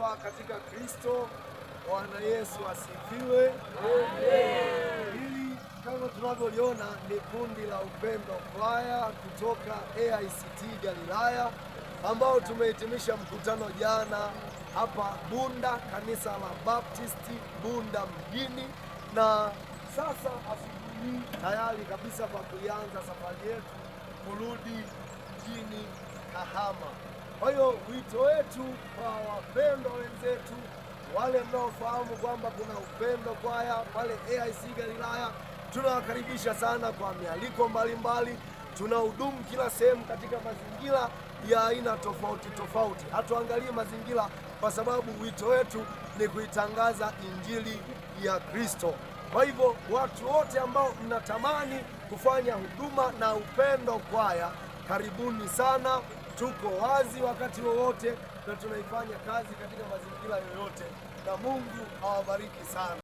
wapendwa katika Kristo, Bwana Yesu asifiwe. Hili kama tunavyoliona ni kundi la Upendo Kwaya kutoka AICT Galilaya ambao tumehitimisha mkutano jana hapa Bunda, kanisa la Baptisti Bunda mjini, na sasa asubuhi tayari kabisa kwa kuianza safari yetu kurudi mjini Kahama. Kwa hiyo wito wetu kwa wapendwa wenzetu wale mnaofahamu kwamba kuna upendo kwaya pale AIC Galilaya, tunawakaribisha sana kwa mialiko mbalimbali. Tunahudumu kila sehemu katika mazingira ya aina tofauti tofauti, hatuangalie mazingira, kwa sababu wito wetu ni kuitangaza injili ya Kristo. Kwa hivyo watu wote ambao mnatamani kufanya huduma na upendo kwaya, karibuni sana tuko wazi wakati wowote, na tunaifanya kazi katika mazingira yoyote, na Mungu awabariki sana.